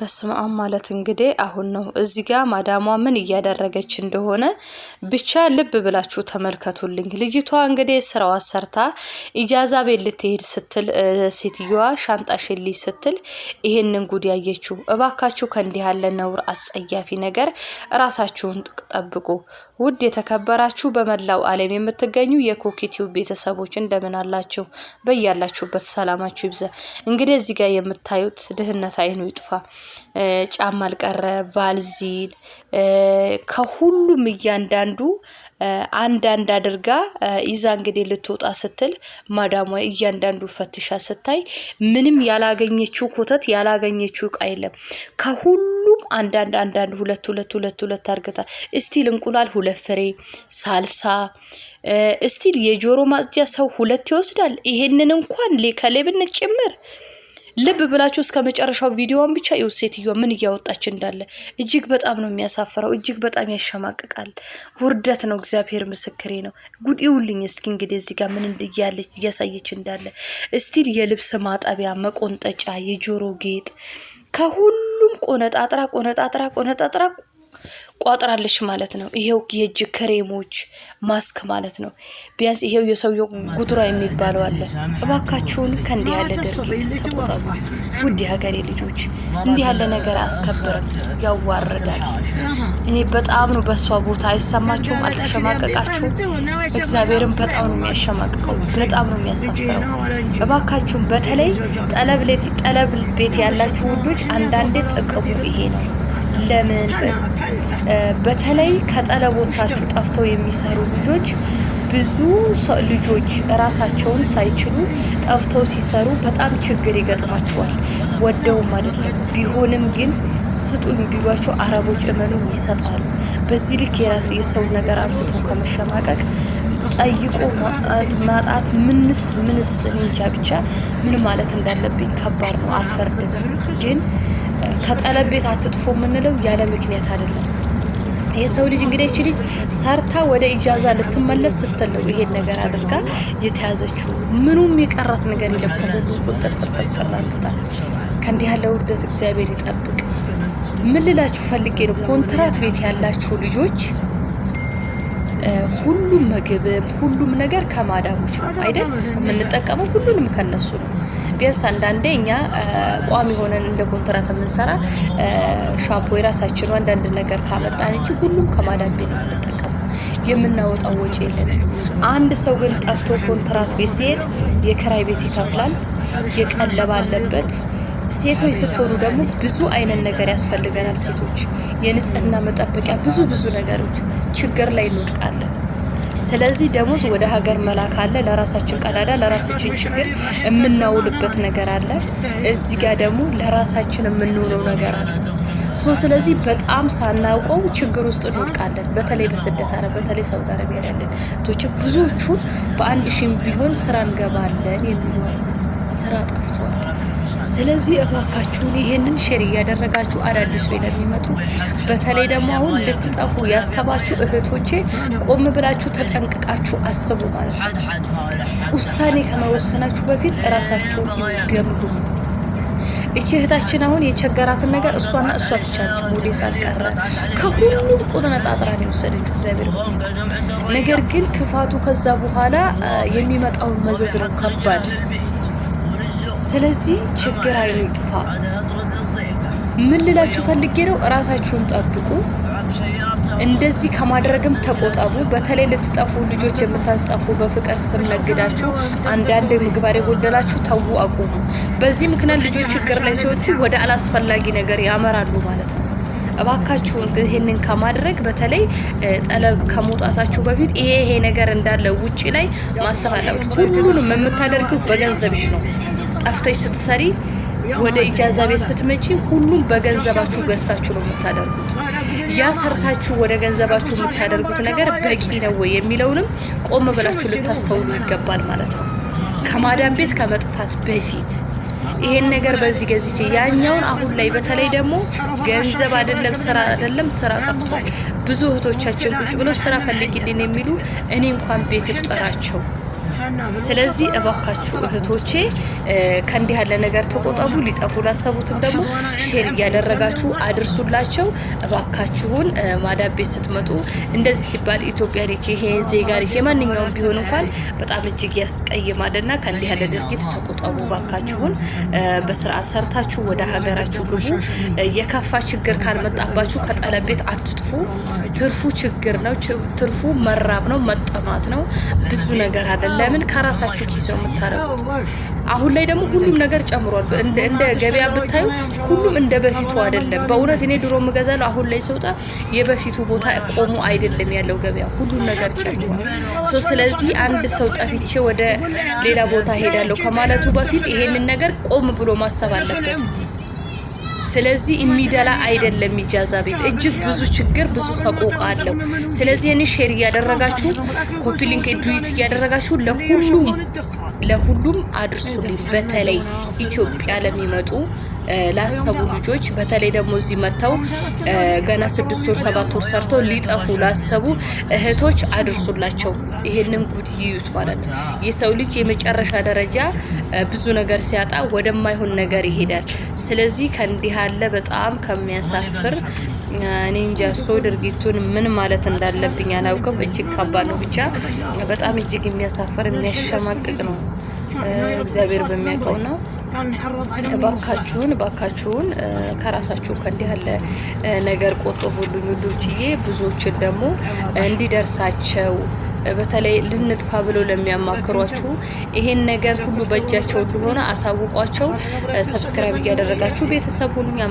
በስማም ማለት እንግዲህ አሁን ነው እዚህ ጋር ማዳሟ ምን እያደረገች እንደሆነ ብቻ ልብ ብላችሁ ተመልከቱልኝ። ልጅቷ እንግዲህ ስራዋ ሰርታ ኢጃዛ ቤት ልትሄድ ስትል ሴትዮዋ ሻንጣ ሽሊ ስትል ይሄንን ጉድ ያየችው። እባካችሁ ከእንዲህ ያለ ነውር አስጸያፊ ነገር ራሳችሁን ጠብቁ። ውድ የተከበራችሁ በመላው ዓለም የምትገኙ የኮኪቲው ቤተሰቦች እንደምን አላችሁ? በያላችሁበት ሰላማችሁ ይብዛ። እንግዲህ እዚህ ጋር የምታዩት ድህነት አይኑ ይጥፋ፣ ጫማ አልቀረ፣ ባልዚን ከሁሉም እያንዳንዱ አንዳንድ አድርጋ ይዛ እንግዲህ ልትወጣ ስትል ማዳሟ እያንዳንዱ ፈትሻ ስታይ ምንም ያላገኘችው ኮተት ያላገኘችው እቃ የለም። ከሁሉም አንዳንድ አንዳንድ ሁለት ሁለት ሁለት ሁለት አርግታ እስቲል እንቁላል ሁለት ፍሬ ሳልሳ እስቲል የጆሮ ማጽጃ ሰው ሁለት ይወስዳል። ይሄንን እንኳን ከሌብነት ጭምር ልብ ብላችሁ እስከ መጨረሻው ቪዲዮውን ብቻ ይው። ሴትዮ ምን እያወጣች እንዳለ እጅግ በጣም ነው የሚያሳፍረው፣ እጅግ በጣም ያሸማቅቃል። ውርደት ነው። እግዚአብሔር ምስክሬ ነው። ጉድ እስኪ እንግዲህ እዚህ ጋር ምን እንድያለች እያሳየች እንዳለ እስቲል የልብስ ማጠቢያ መቆንጠጫ፣ የጆሮ ጌጥ ከሁሉም ቆነጣጥራ ቆነጣጥራ ቆነጣጥራ ቋጥራለች ማለት ነው። ይሄው የእጅ ክሬሞች ማስክ ማለት ነው። ቢያንስ ይሄው የሰውየው ጉድራ የሚባለው አለ። እባካችሁን ከእንዲህ ያለ ድርጊት ተቆጠቡ ውድ የሀገሬ ልጆች። እንዲህ ያለ ነገር አያስከብርም፣ ያዋርዳል። እኔ በጣም ነው በእሷ ቦታ። አይሰማችሁም? አልተሸማቀቃችሁም? እግዚአብሔርን በጣም ነው የሚያሸማቅቀው፣ በጣም ነው የሚያሳፍረው። እባካችሁን በተለይ ጠለብ ቤት ያላችሁ ውዶች፣ አንዳንዴ ጥቅሙ ይሄ ነው። ለምን በተለይ ከጠለቦታችሁ ጠፍተው የሚሰሩ ልጆች ብዙ ልጆች ራሳቸውን ሳይችሉ ጠፍተው ሲሰሩ በጣም ችግር ይገጥማቸዋል። ወደውም አይደለም ቢሆንም ግን ስጡኝ ቢሏቸው አረቦች እመኑ ይሰጣሉ። በዚህ ልክ የራስ የሰው ነገር አንስቶ ከመሸማቀቅ ጠይቆ ማጣት ምንስ ምንስ እኔ እንጃ ብቻ ምን ማለት እንዳለብኝ ከባድ ነው። አልፈርድም ግን ከጠለብ ቤት አትጥፎ የምንለው ያለ ምክንያት አይደለም። የሰው ልጅ እንግዲህ እቺ ልጅ ሰርታ ወደ ኢጃዛ ልትመለስ ስትል ነው ይሄን ነገር አድርጋ የተያዘችው። ምኑም የቀራት ነገር የለም። ቁጥር ጥርጥር አንጥታል። ከእንዲህ ያለ ውርደት እግዚአብሔር ይጠብቅ። ምን ልላችሁ ፈልጌ ነው ኮንትራት ቤት ያላችሁ ልጆች ሁሉም ምግብም ሁሉም ነገር ከማዳሞች ነው አይደል? የምንጠቀመው ሁሉንም ከነሱ ነው። ቢያንስ አንዳንዴ እኛ ቋሚ ሆነን እንደ ኮንትራት የምንሰራ ሻምፖ የራሳችን አንዳንድ ነገር ካመጣን እንጂ ሁሉም ከማዳም ቤት ነው የምንጠቀመው። የምናወጣው ወጪ የለንም። አንድ ሰው ግን ጠፍቶ ኮንትራት ቤት ሲሄድ የክራይ ቤት ይከፍላል፣ የቀለብ አለበት ሴቶች ስትሆኑ ደግሞ ብዙ አይነት ነገር ያስፈልገናል። ሴቶች የንጽህና መጠበቂያ ብዙ ብዙ ነገሮች ችግር ላይ እንወድቃለን። ስለዚህ ደሞዝ ወደ ሀገር መላክ አለ፣ ለራሳችን ቀዳዳ ለራሳችን ችግር የምናውልበት ነገር አለ። እዚህ ጋር ደግሞ ለራሳችን የምንውለው ነገር አለ። ሶ ስለዚህ በጣም ሳናውቀው ችግር ውስጥ እንወድቃለን። በተለይ በስደት አለ በተለይ ሳውዲ አረቢያ ያለን ቶች ብዙዎቹ በአንድ ሺህም ቢሆን ስራ እንገባለን የሚሉ ስራ ጠፍቷል። ስለዚህ እባካችሁን ይሄንን ሼር እያደረጋችሁ አዳዲሱ ለሚመጡ በተለይ ደግሞ አሁን ልትጠፉ ያሰባችሁ እህቶቼ ቆም ብላችሁ ተጠንቅቃችሁ አስቡ ማለት ነው። ውሳኔ ከመወሰናችሁ በፊት እራሳችሁን ገምግሙ። እቺ እህታችን አሁን የቸገራትን ነገር እሷና እሷ ብቻ ሞዴስ አልቀረ ከሁሉም ቁጥነጣጥራን የወሰደችው እግዚአብሔር። ነገር ግን ክፋቱ ከዛ በኋላ የሚመጣውን መዘዝ ነው ከባድ ስለዚህ ችግር አይጥፋ። ምን ልላችሁ ፈልጌ ነው፣ እራሳችሁን ጠብቁ። እንደዚህ ከማድረግም ተቆጠቡ። በተለይ ልትጠፉ ልጆች የምታስጠፉ በፍቅር ስም ነግዳችሁ አንዳንድ ምግባር የጎደላችሁ ተዉ፣ አቁሙ። በዚህ ምክንያት ልጆች ችግር ላይ ሲወጡ ወደ አላስፈላጊ ነገር ያመራሉ ማለት ነው። እባካችሁን ይህንን ከማድረግ በተለይ ጠለብ ከመውጣታችሁ በፊት ይሄ ይሄ ነገር እንዳለ ውጪ ላይ ማሰብ አለባችሁ። ሁሉንም የምታደርጉት በገንዘብሽ ነው። ጠፍተሽ ስትሰሪ ወደ ኢጃዛ ቤት ስትመጪ ሁሉም በገንዘባችሁ ገዝታችሁ ነው የምታደርጉት። ያ ሰርታችሁ ወደ ገንዘባችሁ የምታደርጉት ነገር በቂ ነው ወይ የሚለውንም ቆም ብላችሁ ልታስተውሉ ይገባል ማለት ነው። ከማዳን ቤት ከመጥፋት በፊት ይሄን ነገር በዚህ ገዝቼ ያኛውን አሁን ላይ በተለይ ደግሞ ገንዘብ አይደለም ስራ አይደለም ስራ ጠፍቷል። ብዙ እህቶቻችን ቁጭ ብለው ስራ ፈልጊልን የሚሉ እኔ እንኳን ቤት ይቁጠራቸው ስለዚህ እባካችሁ እህቶቼ ከእንዲህ ያለ ነገር ተቆጠቡ። ሊጠፉ ላሰቡትም ደግሞ ሼር እያደረጋችሁ አድርሱላቸው። እባካችሁን ማዳብ ቤት ስትመጡ እንደዚህ ሲባል ኢትዮጵያ ልጅ ይሄ ዜጋ ልጅ የማንኛውም ቢሆን እንኳን በጣም እጅግ ያስቀይማልና ከእንዲህ ያለ ድርጊት ተቆጠቡ። እባካችሁን በስርዓት ሰርታችሁ ወደ ሀገራችሁ ግቡ። የከፋ ችግር ካልመጣባችሁ ከጠለብ ቤት አትጥፉ። ትርፉ ችግር ነው። ትርፉ መራብ ነው፣ መጠማት ነው። ብዙ ነገር አይደለም። ለምን ከራሳችሁ ኪስ ነው የምታረጉት። አሁን ላይ ደግሞ ሁሉም ነገር ጨምሯል። እንደ ገበያ ብታዩ ሁሉም እንደ በፊቱ አይደለም። በእውነት እኔ ድሮ የምገዛለው አሁን ላይ ሰውጣ የበፊቱ ቦታ ቆሞ አይደለም ያለው ገበያ፣ ሁሉም ነገር ጨምሯል። ሶ ስለዚህ አንድ ሰው ጠፊቼ ወደ ሌላ ቦታ ሄዳለሁ ከማለቱ በፊት ይሄንን ነገር ቆም ብሎ ማሰብ አለበት። ስለዚህ የሚደላ አይደለም። ኢጃዛ ቤት እጅግ ብዙ ችግር፣ ብዙ ሰቆቃ አለው። ስለዚህ እኔ ሼር እያደረጋችሁ ኮፒ ሊንክ ዱዊት እያደረጋችሁ ለሁሉም ለሁሉም አድርሱልኝ። በተለይ ኢትዮጵያ ለሚመጡ ላሰቡ ልጆች በተለይ ደግሞ እዚህ መጥተው ገና ስድስት ወር ሰባት ወር ሰርተው ሊጠፉ ላሰቡ እህቶች አድርሱላቸው። ይሄንን ጉድ ይዩት ማለት ነው። የሰው ልጅ የመጨረሻ ደረጃ ብዙ ነገር ሲያጣ ወደማይሆን ነገር ይሄዳል። ስለዚህ ከእንዲህ አለ በጣም ከሚያሳፍር እኔ እንጃ ሶ ድርጊቱን ምን ማለት እንዳለብኝ አላውቅም። እጅግ ከባድ ነው። ብቻ በጣም እጅግ የሚያሳፍር የሚያሸማቅቅ ነው። እግዚአብሔር በሚያውቀው ነው። እባካችሁን እባካችሁን ከራሳችሁ ከእንዲህ ያለ ነገር ቆጥቡልኝ ውዶችዬ። ብዙዎችን ደግሞ እንዲደርሳቸው በተለይ ልንጥፋ ብለው ለሚያማክሯችሁ ይሄን ነገር ሁሉ በእጃቸው እንደሆነ አሳውቋቸው። ሰብስክራይብ እያደረጋችሁ ቤተሰብ ሁሉኛ